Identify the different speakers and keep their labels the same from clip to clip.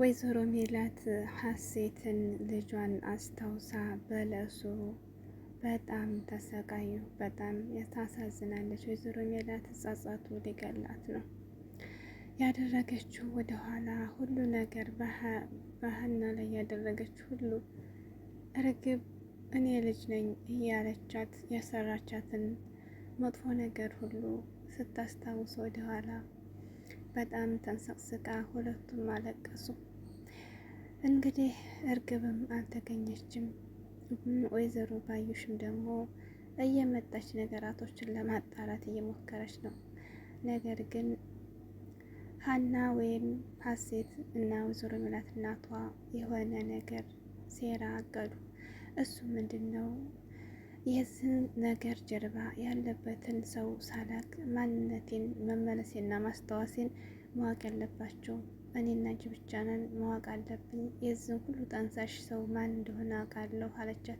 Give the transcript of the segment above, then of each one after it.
Speaker 1: ወይዘሮ ሜላት ሀሴትን ልጇን አስታውሳ በለሱ በጣም ተሰቃዩ። በጣም ታሳዝናለች። ወይዘሮ ሜላት ጸጸቱ ሊገላት ነው ያደረገችው ወደኋላ ሁሉ ነገር ባህና ላይ ያደረገችው ሁሉ እርግብ እኔ ልጅ ነኝ እያለቻት ያሰራቻትን መጥፎ ነገር ሁሉ ስታስታውስ ወደኋላ በጣም ተንሰቅስቃ ሁለቱም አለቀሱ። እንግዲህ እርግብም አልተገኘችም። ወይዘሮ ባዩሽም ደግሞ እየመጣች ነገራቶችን ለማጣራት እየሞከረች ነው። ነገር ግን ሀና ወይም ሀሴት እና ወይዘሮ ሚላት እናቷ የሆነ ነገር ሴራ አቀዱ። እሱ ምንድን ነው? የዚህን ነገር ጀርባ ያለበትን ሰው ሳላቅ ማንነቴን መመለሴና ማስታወሴን ማወቅ ያለባቸው እኔና አንቺ ብቻ ነን ማወቅ አለብን። የዚህን ሁሉ ጠንሳሽ ሰው ማን እንደሆነ አውቃለሁ አለቻት።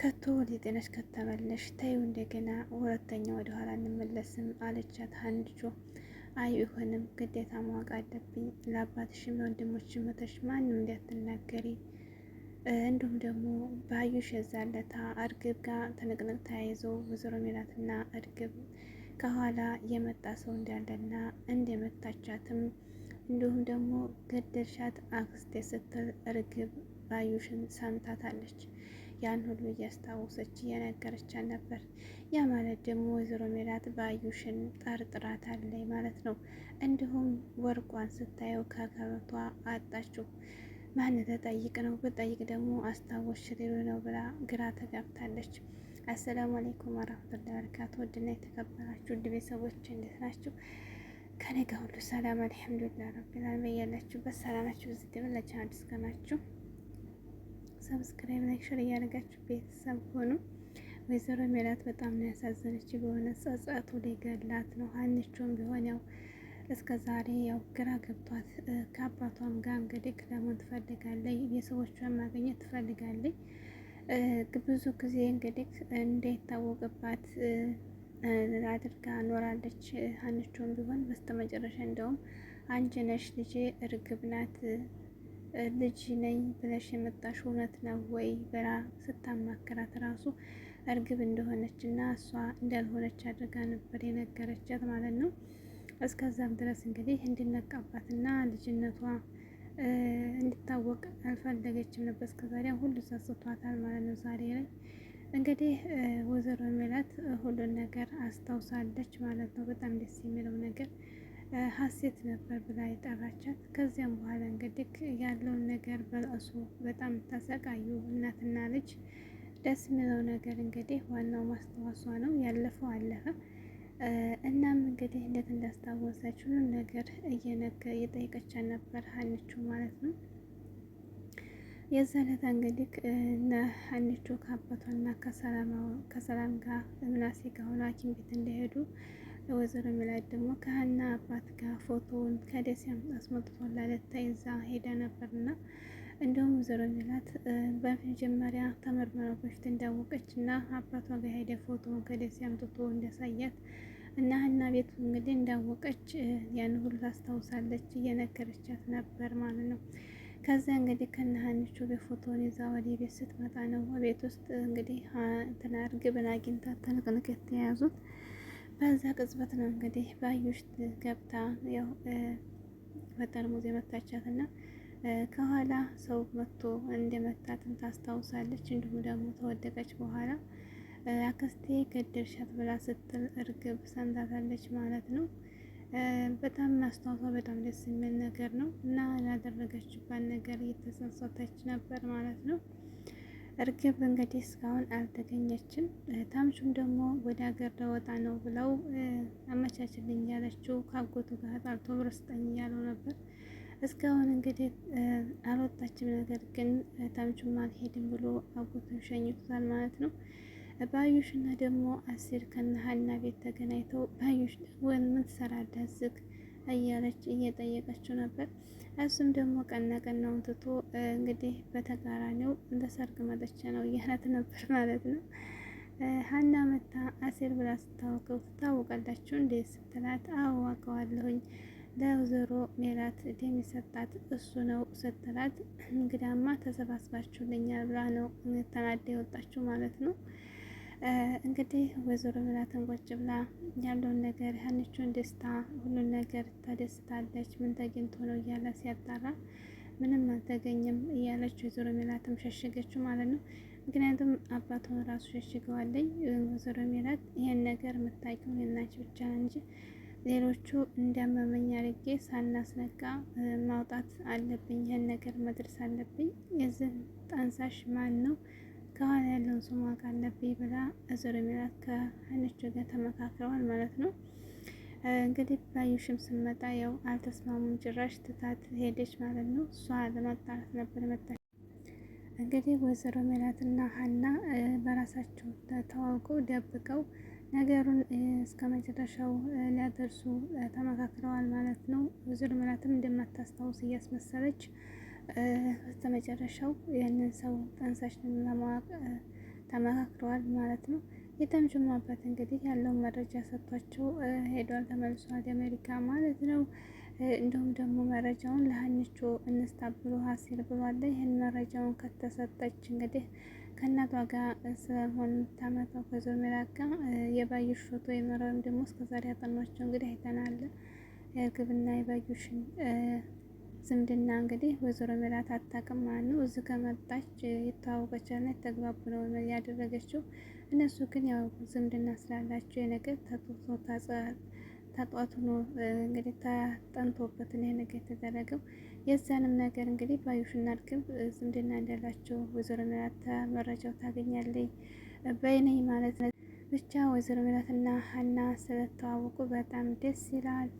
Speaker 1: ከቶ ወደ ጤነሽ ከተመለሽ ታዩ እንደገና ሁለተኛ ወደ ኋላ እንመለስም አለቻት። አንድጆ አይ ይሆንም ግዴታ ማወቅ አለብኝ። ለአባትሽም ለወንድሞችም መተሽ ማንም እንዲያትናገሪ እንዲሁም ደግሞ ባዩሽ የዛለታ እርግብ ጋር ትንቅንቅ ተያይዞ ወይዘሮ ሜላትና እርግብ ከኋላ የመጣ ሰው እንዳለና እንደመታቻትም እንዲሁም ደግሞ ገደልሻት አክስቴ ስትል እርግብ ባዩሽን ሰምታታለች። ያን ሁሉ እያስታወሰች እየነገረቻት ነበር። ያ ማለት ደግሞ ወይዘሮ ሜላት ባዩሽን ጠርጥራታለች ማለት ነው። እንዲሁም ወርቋን ስታየው ከከበቷ አጣችው። ማን ተጠይቅ ነው ብጠይቅ ደግሞ አስታወሽ ሌሎ ነው ብላ ግራ ተጋብታለች። አሰላሙ አሌይኩም ወራህመቱላሂ ወበረካቱ። ውድና የተከበራችሁ ውድ ቤተሰቦች እንዴት ናችሁ? ከነገ ሁሉ ሰላም አልሐምዱሊላህ ረቢል ዓለሚን። ያላችሁበት ሰላማችሁ ብዙ ለቻ አዲስ ከሆናችሁ ሰብስክራይብ፣ ላይክ፣ ሼር እያደረጋችሁ ቤተሰብ ሆኑ። ወይዘሮ ሜላት በጣም ነው ያሳዘነች። በሆነ ጸጸቱ ሊገላት ነው። አንቺም ቢሆን ያው እስከ ዛሬ ያው ግራ ገብቷት ከአባቷም ጋር እንግዲህ ለመሆን ትፈልጋለች፣ የሰዎቿን ማግኘት ትፈልጋለች። ብዙ ጊዜ እንግዲህ እንዳይታወቅባት አድርጋ ኖራለች። አንቺውም ቢሆን በስተመጨረሻ እንደውም አንቺ ነሽ ልጄ እርግብ ናት ልጅ ነኝ ብለሽ የመጣሽ እውነት ነው ወይ ብላ ስታማክራት ራሱ እርግብ እንደሆነች እና እሷ እንዳልሆነች አድርጋ ነበር የነገረቻት ማለት ነው። እስከዛም ድረስ እንግዲህ እንዲነቃባት እና ልጅነቷ እንዲታወቅ አልፈለገችም ነበር። እስከዛሬ ሁሉ ሰስቷታል ማለት ነው ዛሬ ላይ እንግዲህ ወይዘሮ ሜላት ሁሉን ነገር አስታውሳለች ማለት ነው። በጣም ደስ የሚለው ነገር ሀሴት ነበር ብላ የጠራቻት። ከዚያም በኋላ እንግዲህ ያለውን ነገር በራሱ በጣም ተሰቃዩ እናትና ልጅ። ደስ የሚለው ነገር እንግዲህ ዋናው ማስታወሷ ነው። ያለፈው አለፈ። እናም እንግዲህ እንዴት እንዳስታወሰች ሁሉን ነገር እየነገ እየጠየቀቻ ነበር ሀንቹ ማለት ነው። የዛለት እንግዲህ እና አንቹ እና ከሰላም ጋር ምናሴ ከሆነ ሐኪም ቤት እንደሄዱ ወይዘሮ ሚላት ደግሞ ከሀና አባት ጋር ፎቶውን ከደሴ አስመጥቶ ላለታ ይዛ ሄዳ ነበርና እንደውም ወይዘሮ ሚላት በመጀመሪያ ተመርመረ በፊት እንዳወቀች እና አባቷ ጋር ሄደ ፎቶውን ከደሴ አምጥቶ እንዳሳያት እና ሀና ቤት እንግዲህ እንዳወቀች ያን ሁሉ ታስታውሳለች፣ እየነገረቻት ነበር ማለት ነው። ከዚያ እንግዲህ ከነሀኒቹ በፎቶን ይዛ ወደ ቤት ስትመጣ ነው ቤት ውስጥ እንግዲህ እንትና እርግብን አግኝታ ትንቅንቅ የተያዙት። በዛ ቅጽበት ነው እንግዲህ ባዩሽ ገብታ ያው በጠርሙዝ የመታቻት እና ከኋላ ሰው መጥቶ እንደመታትን ታስታውሳለች። እንዲሁም ደግሞ ተወደቀች በኋላ አክስቴ ገደልሻት ብላ ስትል እርግብ ሰምታታለች ማለት ነው። በጣም እናስታውሷ በጣም ደስ የሚል ነገር ነው እና ያደረገችባት ነገር እየተጸጸተች ነበር ማለት ነው። እርግብ እንግዲህ እስካሁን አልተገኘችም። ታምቹም ደግሞ ወደ ሀገር ለወጣ ነው ብለው አመቻችልኝ ያለችው ካጎቱ ጋር ጣልቶ ብር ስጠኝ ነበር። እስካሁን እንግዲህ አልወጣችም። ነገር ግን ታምቹም አልሄድም ብሎ አጎቱን ሸኝቷል ማለት ነው። ባዩሽ እና ደግሞ አሴር ከነሀና ቤት ተገናኝተው ባዩሽ ወን ምን ትሰራለህ እዚህ እያለች እየጠየቀችው ነበር። እሱም ደግሞ ቀና ቀናውን ትቶ እንግዲህ በተቃራኒው እንደ ሰርግ መጠቻ ነው እያላት ነበር ማለት ነው። ሀና መታ አሴር ብላ ስታወቀው ትታወቃላችሁ እንዴ ስትላት አዋቀዋለሁኝ ለወይዘሮ ሜላት ደም የሰጣት እሱ ነው ስትላት እንግዳማ ተሰባስባችሁልኛል ብላ ነው ተናዳ የወጣችሁ ማለት ነው። እንግዲህ ወይዘሮ ሜላትን ቁጭ ብላ ያለውን ነገር ያንቹን ደስታ ሁሉን ነገር ተደስታለች። ምን ተገኝቶ ነው እያለ ሲያጣራ ምንም አልተገኘም እያለች ወይዘሮ ሜላትም ሸሸገችው ማለት ነው። ምክንያቱም አባቷን ራሱ ሸሽገዋለኝ። ወይዘሮ ሜላት ይሄን ነገር የምታውቂው እናንቺ ብቻ እንጂ ሌሎቹ እንዲያመመኝ አድርጌ ሳናስነቃ ማውጣት አለብኝ። ይህን ነገር መድረስ አለብኝ። የዚህ ጠንሳሽ ማን ነው? ከኋላ ያለውን ማወቅ አለብኝ ብላ እዞር የሚላት ከአይኖች ጋር ተመካክረዋል ማለት ነው። እንግዲህ ባዩሽም ስመጣ ያው አልተስማሙም። ጭራሽ ትታት ሄደች ማለት ነው። እሷ ለማጣራት ነበር መጣ። እንግዲህ ወይዘሮ ሜላትና ሀና በራሳቸው ተዋውቀው ደብቀው ነገሩን እስከ መጨረሻው ሊያደርሱ ተመካክረዋል ማለት ነው። ወይዘሮ ሜላትም እንደማታስታውስ እያስመሰለች በስተመጨረሻው ያንን ሰው ጠንሳሽ ለማወቅ ተመካክረዋል ማለት ነው። የተምቹም አባት እንግዲህ ያለውን መረጃ ሰጥቷቸው ሄዷል ተመልሷል የአሜሪካ ማለት ነው። እንዲሁም ደግሞ መረጃውን ለሀኒቾ እንስታ ብሎ ሀሲል ብሏለ። ይህን መረጃውን ከተሰጠች እንግዲህ ከእናቷ ጋር ስለሆን ታመጣው ከዞሜራ ጋር የባዩሽ ፎቶ የመራውን ደግሞ እስከዛሬ ያጠኗቸው እንግዲህ አይተናል እርግብና የባዩሽን ዝምድና እንግዲህ ወይዘሮ ሜላት አታውቅም ማለት ነው። እዚህ ከመጣች የተዋወቀቻና የተግባቡ ነው ያደረገችው። እነሱ ግን ያው ዝምድና ስላላቸው የነገር ተጧቱ ነው እንግዲህ ተጠንቶበት ነው የነገር የተደረገው። የዛንም ነገር እንግዲህ ባዩሽና እርግብ ዝምድና እንዳላቸው ወይዘሮ ሜላት መረጃው ታገኛለኝ በይነኝ ማለት ነው። ብቻ ወይዘሮ ሜላትና ሀና ስለተዋወቁ በጣም ደስ ይላል።